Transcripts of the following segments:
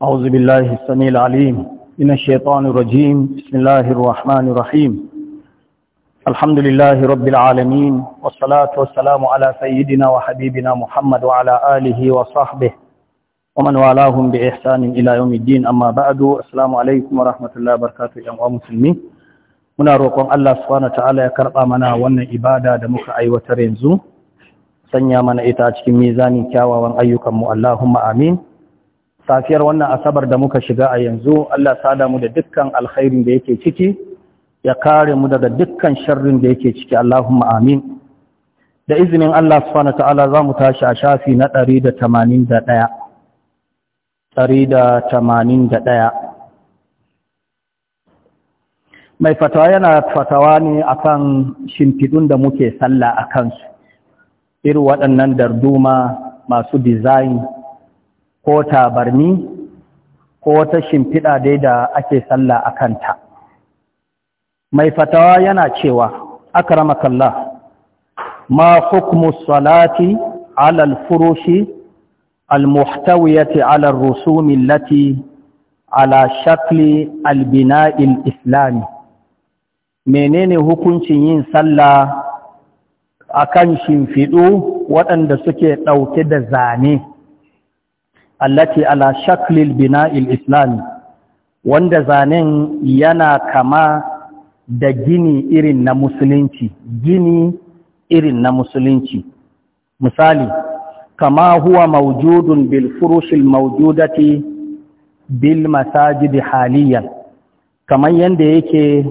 أعوذ بالله السميع العليم من الشيطان الرجيم بسم الله الرحمن الرحيم الحمد لله رب العالمين والصلاة والسلام على سيدنا وحبيبنا محمد وعلى آله وصحبه ومن والاهم بإحسان إلى يوم الدين أما بعد السلام عليكم ورحمة الله وبركاته يا مسلمين muna roƙon Allah subhanahu ta'ala ya karɓa mana wannan ibada da muka aiwatar yanzu sanya mana ita cikin mizanin kyawawan ayyukanmu Allahumma amin safiyar wannan asabar da muka shiga a yanzu Allah sada mu da dukkan alkhairin da yake ciki ya kare mu daga dukkan sharrin da yake ciki Allahumma amin da izinin Allah subhanahu ta'ala za mu tashi a shafi na 181 181 mai fatawa yana fatawa ne akan shimfidun da muke sallah akan su irin waɗannan darduma masu design ko barni ko ta shimfida dai da ake sallah akan ta mai fatawa yana cewa akramakallah ma hukmu salati ala al-furushi al-muhtawiyati ala ar-rusumi allati ala shakli al-bina'i al-islami menene hukuncin yin sallah akan shimfidu waɗanda suke ɗauke da zane allati ala shaklil bina'il islami wanda zanen yana kama da gini irin na musulunci gini irin na musulunci misali kama huwa maujudun bil furushil maujudati bil masajidi haliyan kamar yadda yake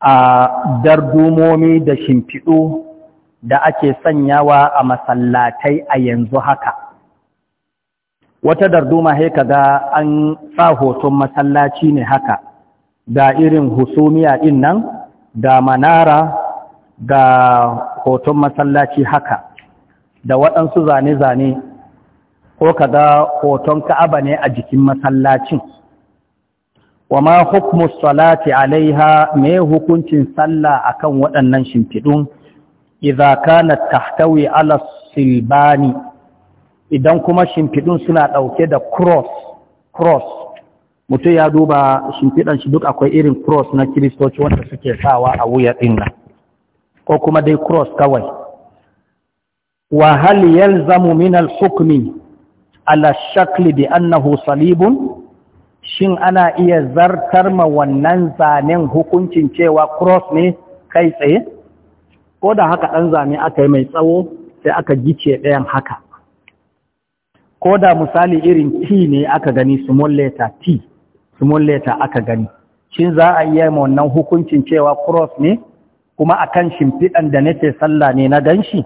a dardumomi da shimfiɗu da ake sanyawa a masallatai a yanzu haka wata darduma sai kaga an sa hoton masallaci ne haka da irin husumiya din nan da manara da hoton masallaci haka da waɗansu zane-zane ko kaga hoton ka'aba ne a jikin masallacin wa ma hukmu salati alaiha me hukuncin sallah akan waɗannan shimfiɗun idza kanat tahtawi ala silbani idan kuma shimfiɗin suna ɗauke da cross cross mutum ya duba shimfiɗan shi duk akwai irin cross na kiristoci wanda suke sawa a wuya ɗin nan ko kuma dai cross kawai wa hal yalzamu min al-hukmi ala shakli bi annahu salibun shin ana iya zartar ma wannan zanen hukuncin cewa cross ne kai tsaye ko da haka ɗan zane aka yi mai tsawo sai aka gice ɗayan haka ko da misali irin T ne aka gani small letter T small letter aka gani shin za a iya wannan hukuncin cewa cross ne kuma akan shimfiɗan da nake sallah ne na ganshi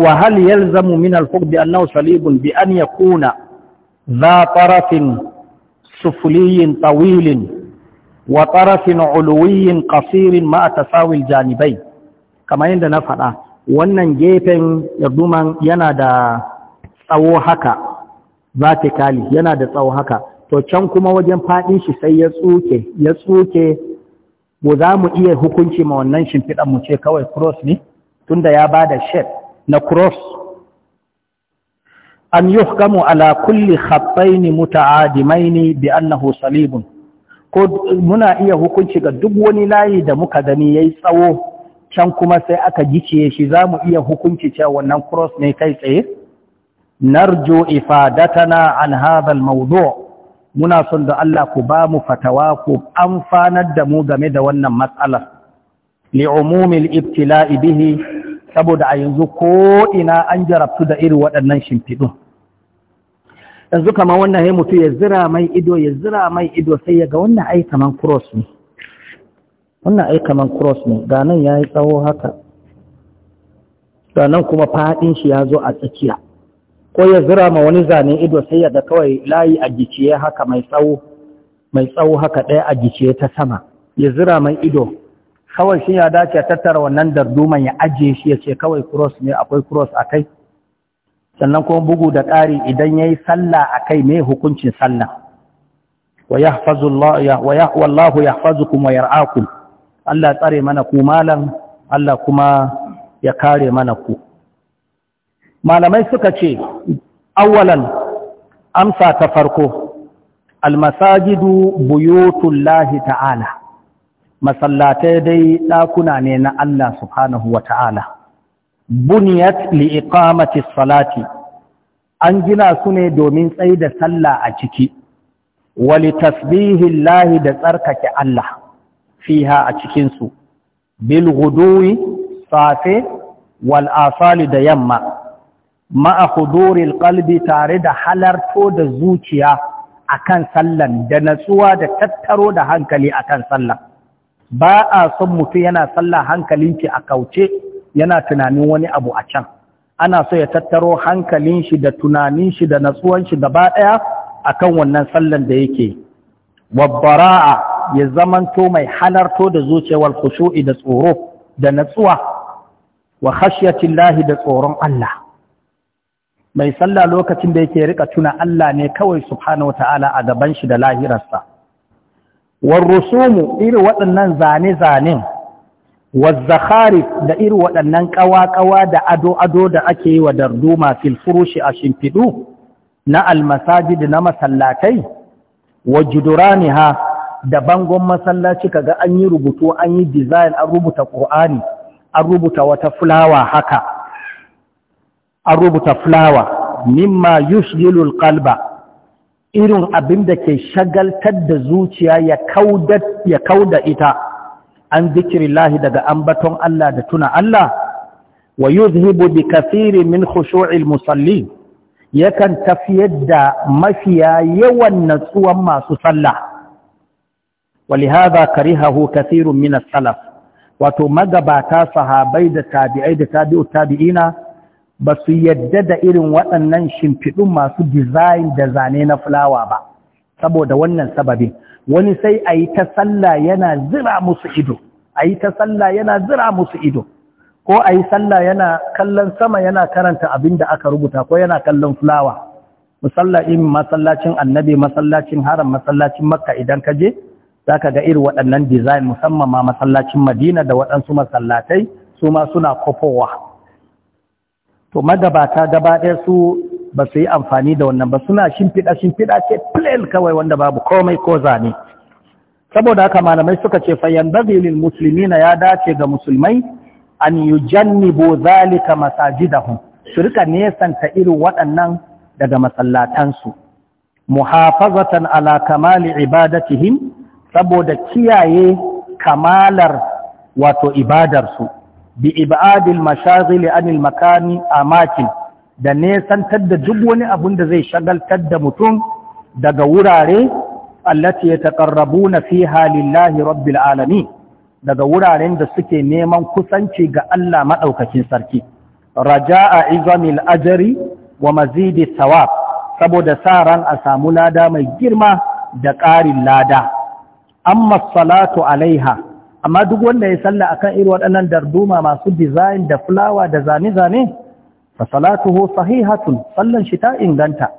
wa hal yalzamu min al-hukm bi annahu salibun bi an yakuna za tarafin sufuliyin tawilin wa tarafin uluwiyin qasirin ma tasawil janibai kamar yadda na faɗa wannan gefen yarduman yana da tsawo haka vertically yana da tsawo haka to can kuma wajen faɗin shi sai ya tsuke ya tsuke ko za mu iya hukunci ma wannan shimfiɗar mu ce kawai cross ne tunda ya bada da shape na cross an yuhkamu ala kulli khattayn muta'adimaini bi annahu salibun ko muna iya hukunci ga duk wani layi da muka gani yayi tsawo can kuma sai aka giciye shi za mu iya hukunci cewa wannan cross ne kai tsaye narjo ifadatana an Alhazal, mawdu' muna son da Allah ku ba mu fatawa ku amfanar da mu game da wannan matsalar li umumil ibtila'i bihi saboda a yanzu ko ina an jarabtu da irin waɗannan shimfiɗu yanzu kamar wannan ya mutu ya zira mai ido ya zira mai ido sai ya ga wannan ai kaman cross ne wannan ai kaman cross ne ga nan ya yi tsawo haka ga nan kuma faɗin shi ya zo a tsakiya ko ya zira ma wani zane ido sai ya ga kawai layi a giciye haka mai tsawo mai tsawo haka ɗaya a giciye ta sama ya zira mai ido kawai shi ya dace tattara wannan darduman ya ajiye shi ya ce kawai cross ne akwai cross a kai sannan kuma bugu da ƙari idan ya yi sallah a kai mai hukuncin sallah wa yahfazu Allah wa yahfazukum wa yar'akum Allah tsare mana ku malam Allah kuma ya kare mana ku malamai suka ce awalan amsa ta farko almasajidu buyutullahi ta'ala masallatai dai ɗakuna ne na Allah subhanahu wa ta'ala buniyat li'iqamati salati an gina su ne domin tsaida sallah a ciki wali tasbihillahi da tsarkake Allah fiha a cikinsu bil guduwi safe wal asali da yamma ma'a ƙalbi tare da halarto da zuciya akan sallan da natsuwa da tattaro da hankali akan sallan ba a son mutum yana sallah hankalinki a kauce yana tunanin wani abu a can ana so ya tattaro hankalin shi da tunanin shi da natsuwan shi gaba daya akan wannan sallan da yake wabbara'a ya zamanto mai halarto da zuciyar khushu'i da tsoro da natsuwa wa lahi da tsoron Allah mai sallah lokacin da yake rika tuna Allah ne kawai subhanahu ta'ala a gaban shi da lahirarsa war rusumu irin waɗannan zane-zanen wazzakharif da irin waɗannan ƙawa-ƙawa da ado-ado da ake yi wa darduma fil furushi a shimfiɗu na almasajid na masallatai wa juduraniha da bangon masallaci kaga an yi rubutu an yi design an rubuta ƙur'ani an rubuta wata fulawa haka an rubuta fulawa mimma yushghilul qalba irin abin da ke shagaltar da zuciya ya kauda ya kauda ita an zikirillahi daga ambaton Allah da tuna Allah wa yuzhibu bi kathiri min khushu'il musalli. yakan tafiyar da mafiya yawan natsuwan masu sallah ولهذا كرهه كثير من السلف wato magabata sahabai da tabi'ai da tabi'u tabi'ina ba su yadda da irin waɗannan shimfiɗun masu dizayin da zane na fulawa ba saboda wannan sababin wani sai a yi ta sallah yana zira musu ido a yi ta sallah yana zira musu ido ko a yi sallah yana kallon sama yana karanta abin da aka rubuta ko yana kallon fulawa musalla in masallacin annabi masallacin haram masallacin makka idan ka je za ka ga iri waɗannan design musamman ma masallacin madina da waɗansu masallatai su ma suna kofowa to magabata gaba ɗaya su ba su yi amfani da wannan ba suna shimfiɗa shimfiɗa ce plain kawai wanda babu komai ko zane saboda haka malamai suka ce fayyan bazilin musulmi na ya dace ga musulmai an yi bo zalika hun su rika nesanta irin waɗannan daga masallatansu muhafazatan ala kamali ibadatihim saboda kiyaye kamalar wato ibadarsu bi ibadil mashazili anil makani makin, da nesantar da duk wani abun da zai shagaltar da mutum daga wurare allati yataqarrabuna fiha lillahi rabbil alamin daga wuraren da suke neman kusanci ga Allah maɗaukacin sarki raja a izamil ajari wa mazidi thawab saboda sa ran a samu lada mai girma da ƙarin lada amma salatu alaiha amma duk wanda ya salla akan irin waɗannan darduma masu design da fulawa da zane-zane fa salatuhu sahihatun sallan shi ta inganta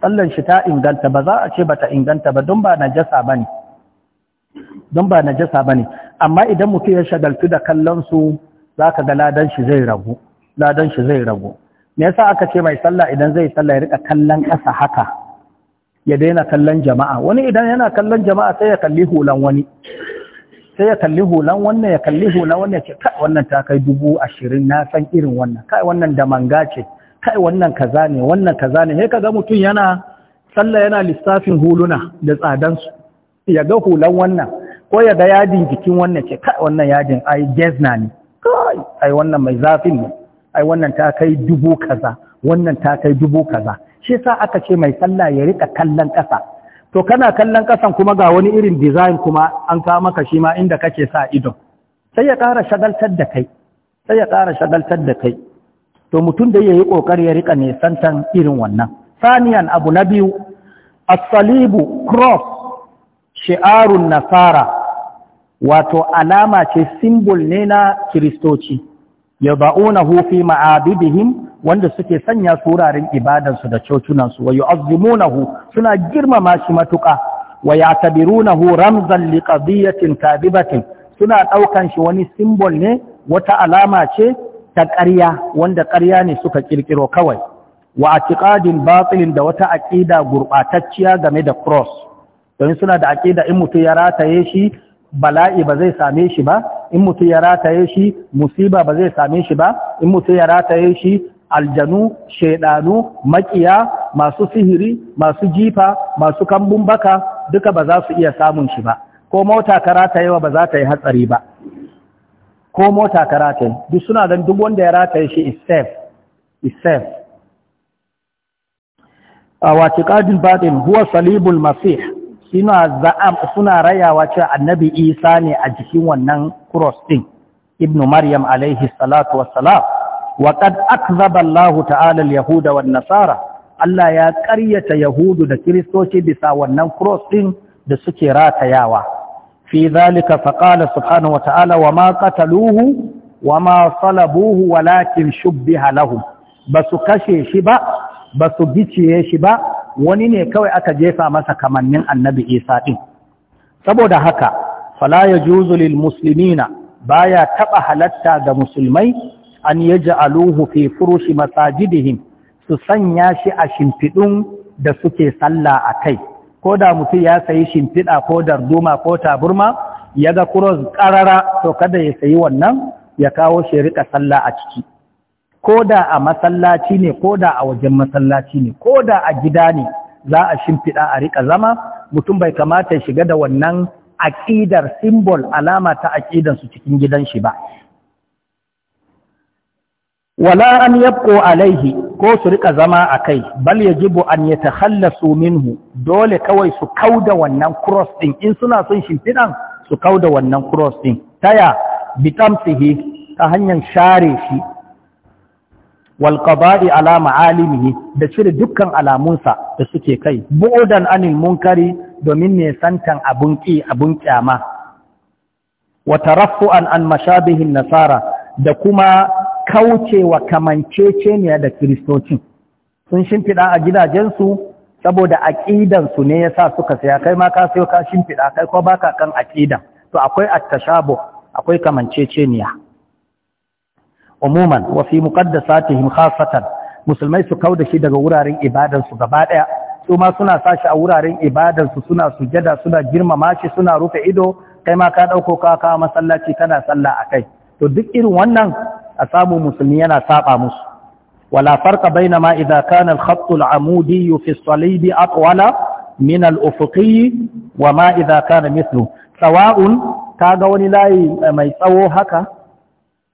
sallan shi ta inganta ba za a ce bata inganta ba don ba najasa bane don ba najasa bane amma idan mutum ya shagaltu da kallon su zaka ga ladan shi zai ragu ladan shi zai ragu me yasa aka ce mai sallah idan zai sallah ya rika kallon ƙasa haka ya daina kallon jama'a wani idan yana kallon jama'a sai ya kalli hulan wani sai ya kalli hulan wannan ya kalli hulan wannan ce kai wannan ta kai dubu ashirin na san irin wannan kai wannan da manga ce kai wannan kaza ne wannan kaza ne sai kaga mutum yana sallah yana lissafin huluna da su. ya ga hulan wannan ko ya ga yadin jikin wannan ce kai wannan yadin ai gezna ne kai ai wannan mai zafin ne ai wannan ta kai dubu kaza wannan ta kai dubu kaza shi sa aka ce mai sallah ya rika kallon ƙasa to kana kallon ƙasan kuma ga wani irin design kuma an kawo maka shi ma inda kake sa ido. sai ya ƙara shagaltar da kai sai ya ƙara shagaltar da kai to mutum da ya yi ƙoƙari ya rika nisantan irin wannan saniyan abu na biyu asalibu salibu cross shi'arun nasara wato alama ce simbol ne na kiristoci ya bauna hufi ma'abidihim wanda suke sanya su wuraren ibadansu da cocinansu wa yu'azzimunahu suna girmama shi matuƙa wa yatabirunahu ramzan liqadiyatin tabibatin kadibatin suna ɗaukan shi wani simbol ne wata alama ce ta ƙarya wanda ƙarya ne suka ƙirƙiro kawai wa atiqadin batilin da wata aƙida gurɓatacciya game da cross don suna da aƙida in mutu ya rataye shi bala'i ba zai same shi ba in mutu ya rataye shi musiba ba zai same shi ba in mutu ya rataye shi aljanu shaidanu makiya masu sihiri masu jifa masu kambun baka duka ba za su iya samun shi ba ko mota ta yawa ba za ta yi hatsari ba ko mota ta duk suna don duk wanda ya rataye shi is safe is safe a watiƙadin baɗin huwa salibul masih suna za'am suna rayawa cewa annabi isa ne a jikin wannan cross ɗin ibnu maryam alaihi salatu wassalam wa qad akzaba Allahu ta'ala nasara Allah ya ƙaryata yahudu da kiristoci bisa wannan cross din da suke ratayawa fi zalika faqala subhanahu wa ta'ala wa ma qataluhu wa ma salabuhu walakin shubbiha lahum basu kashe shi ba basu giciye shi ba wani ne kawai aka jefa masa kamannin annabi Isa din saboda haka fala yajuzu lil muslimina baya taba halatta ga musulmai an Aluhu fi furushi masajidihim su sanya shi a shimfiɗun da suke sallah a kai ko da mutum ya sayi shimfiɗa ko darduma ko taburma ya ga kuros ƙarara to kada ya sayi wannan ya kawo shi rika sallah a ciki ko da a masallaci ne ko da a wajen masallaci ne ko da a gida ne za a shimfiɗa a rika zama mutum bai kamata ya shiga da wannan aƙidar simbol alama ta aƙidansu cikin gidan shi ba wala an yabko alaihi ko su rika zama a kai bal yajibu an yatakhallasu minhu dole kawai su kauda wannan cross din in suna son shimfidan su kauda wannan cross din taya bitamsihi ta hanyar share shi wal qada'i ala ma'alimihi da cire dukkan alamunsa da suke kai bu'udan anil munkari domin ne santan abun ki abun kyama wa an an mashabihin nasara da kuma kauce kaucewa kamanceceniya da kiristocin sun shimfiɗa a gidajensu saboda aƙidansu ne ya sa suka saya kai ma ka sayo ka shimfiɗa kai ko baka kan aƙidan to akwai attashabu akwai kamanceceniya umuman wa fi muqaddasatihim khassatan musulmai su kau da shi daga wuraren ibadansu gaba ɗaya su ma suna sashi a wuraren ibadansu suna sujada suna girmama shi suna rufe ido kai ma ka ɗauko ka kawo masallaci kana sallah a kai to duk irin wannan a samu musulmi yana saba musu wala baina ma idza kana al-khatt al-amudi fi as-salib min al-ufuqi wa ma idza kana mithlu sawa'un kaga wani layi mai tsawo haka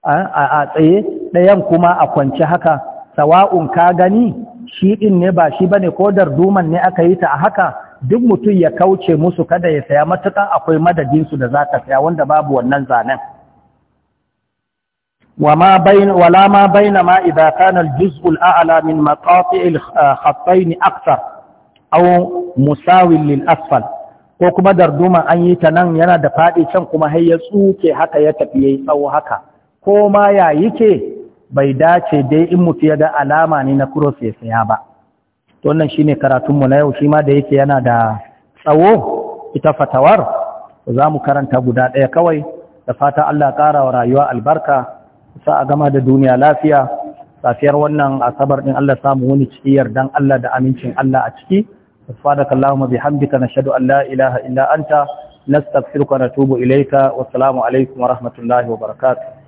a tsaye dayan kuma a kwance haka sawa'un ka gani shi din ne ba shi bane ko darduman ne aka yi ta a haka duk mutum ya kauce musu kada ya saya matukan akwai madadinsu da za ka saya wanda babu wannan zanen وما بين ولا ما بينما إذا كان الجزء الأعلى من مقاطع الخطين أكثر أو مساوي للأسفل ko kuma darduma an yi ta nan yana da faɗi can kuma har ya tsuke haka ya tafi yi tsawo haka ko ma ya ke, bai dace dai in mutu ya ga alama ne na cross ya saya ba to wannan shine karatun mu na yau shi ma da yake yana da tsawo ita fatawar za mu karanta guda ɗaya kawai da fata Allah ƙara wa rayuwa albarka sa a gama da duniya lafiya safiyar wannan asabar din Allah samu wani ciki yardan Allah da amincin Allah a ciki subhanakallahumma bihamdika nashhadu an la ilaha illa anta nastaghfiruka wa natubu ilayka wassalamu alaikum wa rahmatullahi wa barakatuh